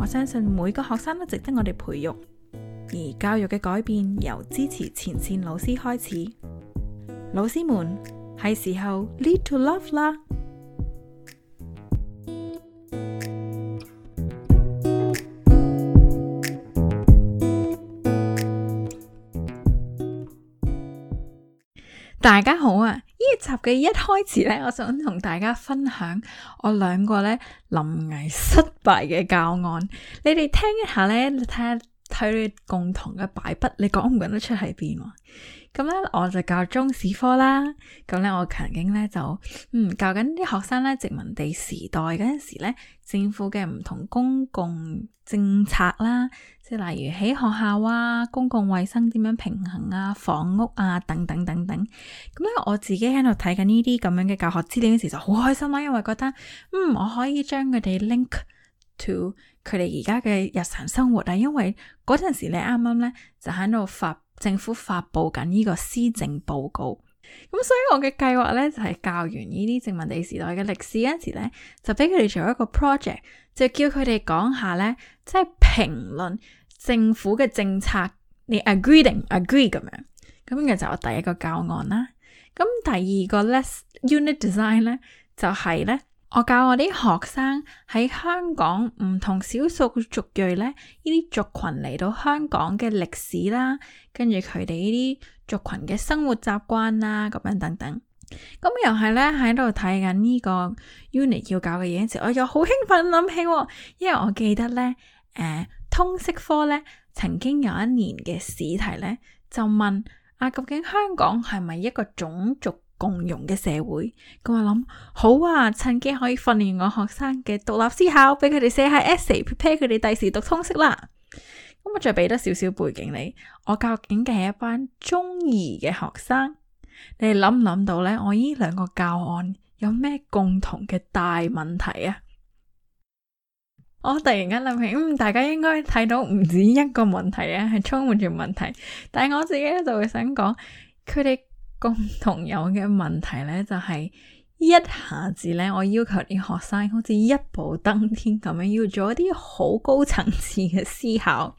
我相信每個學生都值得我哋培育，而教育嘅改變由支持前線老師開始。老師們係時候 lead to love 啦！大家。嘅一開始咧，我想同大家分享我兩個咧臨危失敗嘅教案，你哋聽一下咧，你睇下，看看睇你共同嘅擺筆，你講唔講得出喺邊？咁咧，我就教中史科啦。咁咧，我曾經咧就嗯教緊啲學生咧，殖民地時代嗰陣時咧，政府嘅唔同公共政策啦，即係例如喺學校啊、公共衛生點樣平衡啊、房屋啊等等等等。咁因為我自己喺度睇緊呢啲咁樣嘅教學資料嘅時就好開心啦，啊，因為覺得嗯我可以將佢哋 link to。佢哋而家嘅日常生活啊，因為嗰陣時你啱啱咧就喺度發政府發布緊呢個施政報告，咁所以我嘅計劃咧就係教完呢啲殖民地時代嘅歷史嗰陣時咧，就俾佢哋做一個 project，就叫佢哋講下咧，即係評論政府嘅政策，你 agree 定 agree 咁樣，咁嘅就我第一個教案啦，咁第二個 less unit design 咧就係咧。我教我啲學生喺香港唔同少數族裔咧，呢啲族群嚟到香港嘅歷史啦，跟住佢哋呢啲族群嘅生活習慣啦，咁樣等等。咁又係咧喺度睇緊呢個 unit 要搞嘅嘢嘅時候，我就好興奮諗起、哦，因為我記得咧，誒、呃、通識科咧曾經有一年嘅試題咧就問啊，究竟香港係咪一個種族？共融嘅社會，咁我諗好啊，趁機可以訓練我學生嘅獨立思考，俾佢哋寫下 essay，prepare 佢哋第時讀通識啦。咁我再俾多少少背景你，我教嘅係一班中二嘅學生，你諗唔諗到呢？我呢兩個教案有咩共同嘅大問題啊？我突然間諗起，嗯，大家應該睇到唔止一個問題呀，係充滿住問題。但係我自己咧就會想講，佢哋共同有嘅問題咧，就係一下子咧，我要求啲學生好似一步登天咁樣，要做一啲好高層次嘅思考。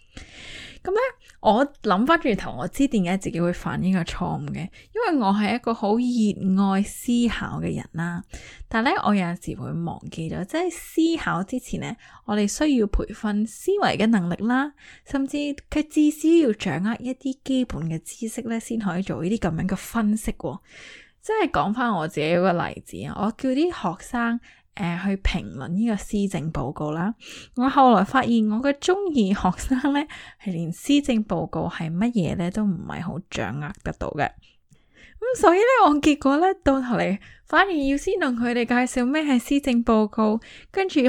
咁咧，我諗翻轉頭，我知點解自己會犯呢個錯誤嘅，因為我係一個好熱愛思考嘅人啦。但係咧，我有陣時會忘記咗，即係思考之前咧，我哋需要培訓思維嘅能力啦，甚至佢至少要掌握一啲基本嘅知識咧，先可以做呢啲咁樣嘅分析。即係講翻我自己一個例子啊，我叫啲學生。誒，去評論呢個施政報告啦。我後來發現我嘅中二學生咧，係連施政報告係乜嘢咧都唔係好掌握得到嘅。咁所以咧，我結果咧到頭嚟，反而要先同佢哋介紹咩係施政報告，跟住。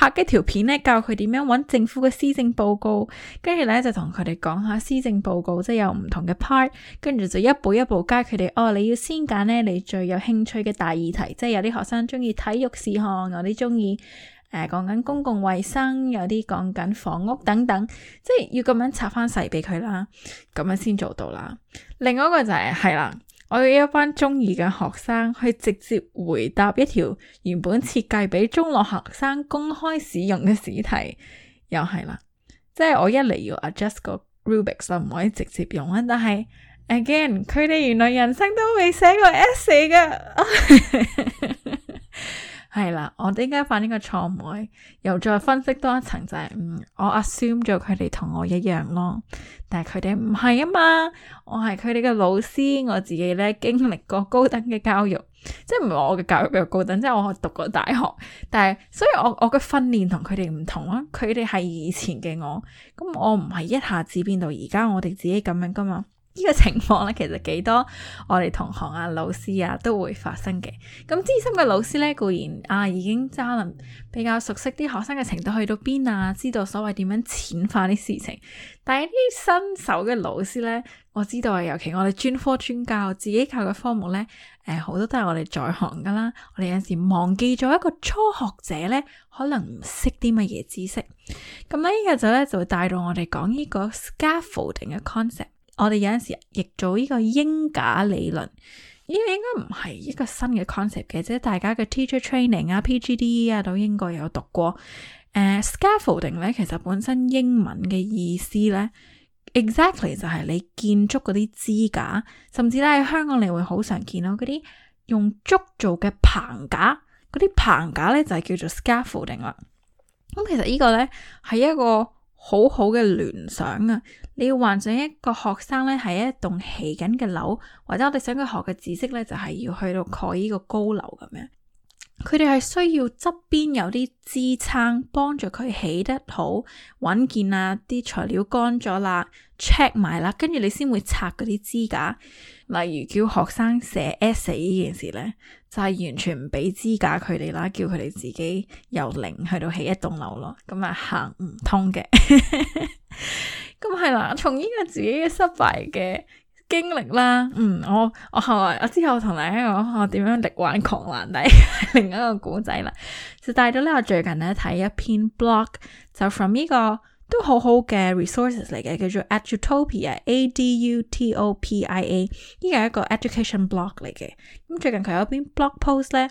拍一條片咧，教佢點樣揾政府嘅施政報告，呢跟住咧就同佢哋講下施政報告即係有唔同嘅 part，跟住就一步一步加佢哋哦。你要先揀咧你最有興趣嘅大議題，即係有啲學生中意體育事項，有啲中意誒講緊公共衛生，有啲講緊房屋等等，即係要咁樣拆翻細俾佢啦，咁樣先做到啦。另外一個就係、係、係啦。我要一班中二嘅學生去直接回答一條原本設計畀中六學生公開使用嘅試題，又係啦，即係我一嚟要 adjust 個 rubric，我唔可以直接用啊。但係 again，佢哋原來人生都未寫過 s essay 噶。係啦，我點解犯呢個錯誤？又再分析多一層就係，嗯，我 assume 咗佢哋同我一樣咯，但係佢哋唔係啊嘛。我係佢哋嘅老師，我自己咧經歷過高等嘅教育，即係唔係我嘅教育比較高等，即係我讀過大學。但係所以我我嘅訓練同佢哋唔同啊。佢哋係以前嘅我，咁我唔係一下子變到而家我哋自己咁樣噶嘛。呢個情況咧，其實幾多我哋同行啊、老師啊都會發生嘅。咁資深嘅老師咧固然啊，已經可能比較熟悉啲學生嘅程度去到邊啊，知道所謂點樣淺化啲事情。但係啲新手嘅老師咧，我知道啊，尤其我哋專科專教自己教嘅科目咧，誒、呃，好多都係我哋在行噶啦。我哋有陣時忘記咗一個初學者咧，可能唔識啲乜嘢知識。咁呢今日就咧就會帶到我哋講呢個 scaffolding 嘅 concept。我哋有陣時譯做呢個鷹架理論，呢個應該唔係一個新嘅 concept 嘅，即係大家嘅 teacher training D, 啊、PGDE 啊都應該有讀過。誒、uh，scaffolding 咧，其實本身英文嘅意思咧，exactly 就係你建築嗰啲支架，甚至咧喺香港你會好常見到嗰啲用竹做嘅棚架，嗰啲棚架咧就係叫做 scaffolding 啦。咁、嗯、其實個呢個咧係一個好好嘅聯想啊！你要幻想一個學生咧，喺一棟起緊嘅樓，或者我哋想佢學嘅知識咧，就係要去到蓋呢個高樓咁樣。佢哋係需要側邊有啲支撐，幫助佢起得好穩健啊。啲材料乾咗啦，check 埋啦，跟住你先會拆嗰啲支架。例如叫學生寫 essay 呢件事咧，就係完全唔俾支架佢哋啦，叫佢哋自己由零去到起一棟樓咯，咁啊行唔通嘅。 咁係啦，從呢、啊、個自己嘅失敗嘅經歷啦，嗯，我我後來我之後同你講我點樣力挽狂瀾底另一個古仔啦，就帶咗呢我最近咧睇一篇 blog，就 from 呢個都好好嘅 resources 嚟嘅，叫做 Adutopia，A D U T O P I A，呢個係一個 education blog 嚟嘅，咁最近佢有一篇 blog post 咧。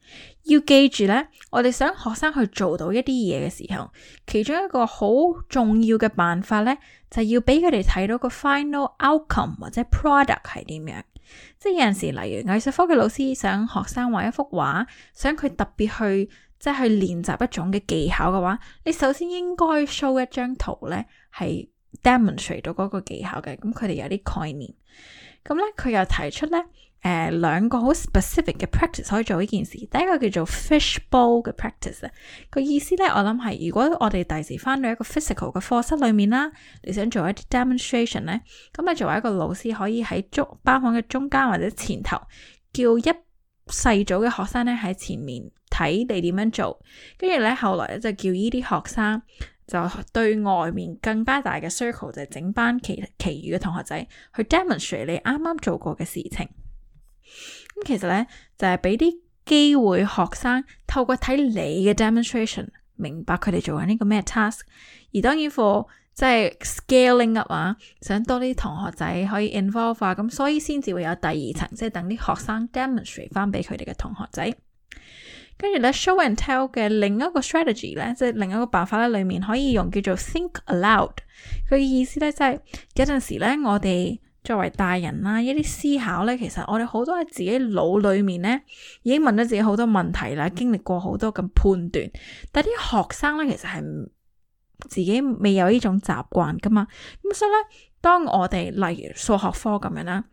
要記住咧，我哋想學生去做到一啲嘢嘅時候，其中一個好重要嘅辦法咧，就要俾佢哋睇到個 final outcome 或者 product 係點樣。即係有陣時，例如藝術科嘅老師想學生畫一幅畫，想佢特別去即係練習一種嘅技巧嘅話，你首先應該 show 一張圖咧，係 demonstrate 到嗰個技巧嘅，咁佢哋有啲概念。咁咧，佢又提出咧。誒兩、uh, 個好 specific 嘅 practice 可以做呢件事。第一個叫做 fish bowl 嘅 practice 啊，個意思咧，我諗係如果我哋第時翻到一個 physical 嘅課室裏面啦，你想做一啲 demonstration 咧，咁你作為一個老師可以喺中班房嘅中間或者前頭叫一細組嘅學生咧喺前面睇你點樣做，跟住咧後來咧就叫呢啲學生就對外面更加大嘅 circle 就係整班其其餘嘅同學仔去 demonstrate 你啱啱做過嘅事情。咁其實咧就係俾啲機會學生透過睇你嘅 demonstration 明白佢哋做緊呢個咩 task，而當然 for 即係 scaling up 啊，想多啲同學仔可以 involve 啊，咁所以先至會有第二層，即係等啲學生 demonstrate 翻俾佢哋嘅同學仔。跟住咧 show and tell 嘅另一個 strategy 咧，即係另一個辦法咧，裏面可以用叫做 think aloud。佢嘅意思咧就係有陣時咧我哋。作為大人啦，一啲思考咧，其實我哋好多喺自己腦裏面咧，已經問咗自己好多問題啦，經歷過好多咁判斷，但啲學生咧，其實係自己未有呢種習慣噶嘛，咁所以咧，當我哋例如數學科咁樣啦，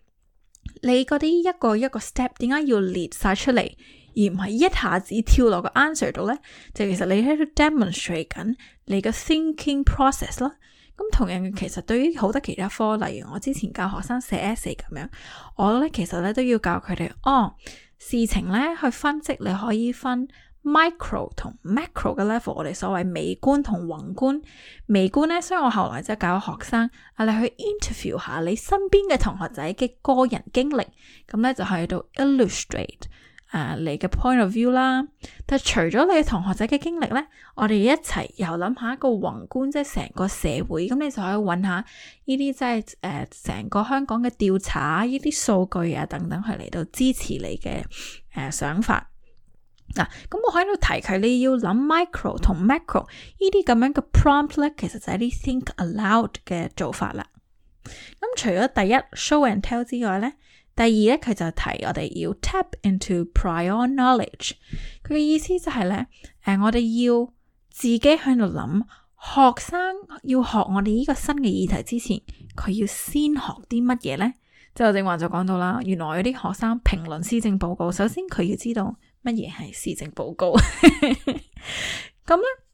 你嗰啲一個一個 step，點解要列晒出嚟，而唔係一下子跳落個 answer 度咧？就其實你喺度 demonstrate 緊你嘅 thinking process 囉。咁同樣其實對於好多其他科，例如我之前教學生寫 essay 咁樣，我咧其實咧都要教佢哋，哦，事情咧去分析，你可以分 micro 同 macro 嘅 level，我哋所謂微觀同宏觀。微觀咧，所以我後來即係教學生，啊，你去 interview 下你身邊嘅同學仔嘅個人經歷，咁咧就係度 illustrate。誒，uh, 你嘅 point of view 啦，但係除咗你嘅同學仔嘅經歷呢，我哋一齊又諗下一個宏觀，即係成個社會，咁你就可以揾下呢啲即係誒，成、呃、個香港嘅調查呢啲數據啊等等，去嚟到支持你嘅誒、呃、想法。嗱、啊，咁我喺度提佢，你要諗 micro 同 macro 呢啲咁樣嘅 prompt 呢，其實就係啲 think aloud 嘅做法啦。咁除咗第一 show and tell 之外呢。第二咧，佢就提我哋要 tap into prior knowledge。佢嘅意思就係咧，誒、呃，我哋要自己喺度諗，學生要學我哋呢個新嘅議題之前，佢要先學啲乜嘢咧？周 正話就講到啦，原來有啲學生評論施政報告，首先佢要知道乜嘢係施政報告，咁 咧、嗯。嗯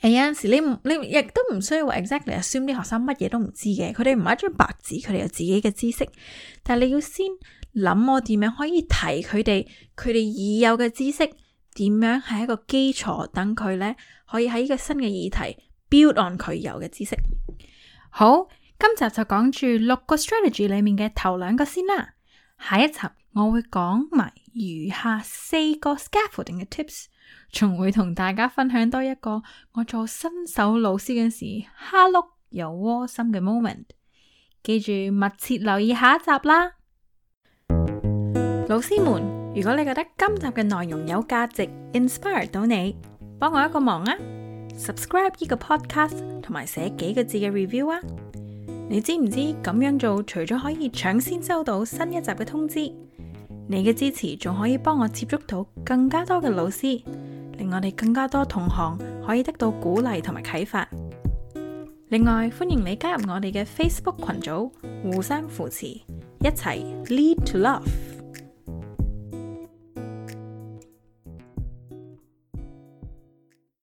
誒，有陣時你你亦都唔需要話 exactly assume 啲學生乜嘢都唔知嘅。佢哋唔係一張白紙，佢哋有自己嘅知識。但係你要先諗我點樣可以提佢哋，佢哋已有嘅知識點樣係一個基礎，等佢咧可以喺呢個新嘅議題 build on 佢有嘅知識。好，今集就講住六個 strategy 裏面嘅頭兩個先啦。下一集我會講埋餘下四個 scaffolding 嘅 tips。仲會同大家分享多一個我做新手老師嘅時 哈碌又窩心嘅 moment。記住密切留意下一集啦。老師們，如果你覺得今集嘅內容有價值、inspire 到你，幫我一個忙啊，subscribe 呢個 podcast 同埋寫幾個字嘅 review 啊。你知唔知咁樣做除咗可以搶先收到新一集嘅通知？你嘅支持仲可以幫我接觸到更加多嘅老師，令我哋更加多同行可以得到鼓勵同埋啟發。另外，歡迎你加入我哋嘅 Facebook 群組，互相扶持，一齊 Lead to Love。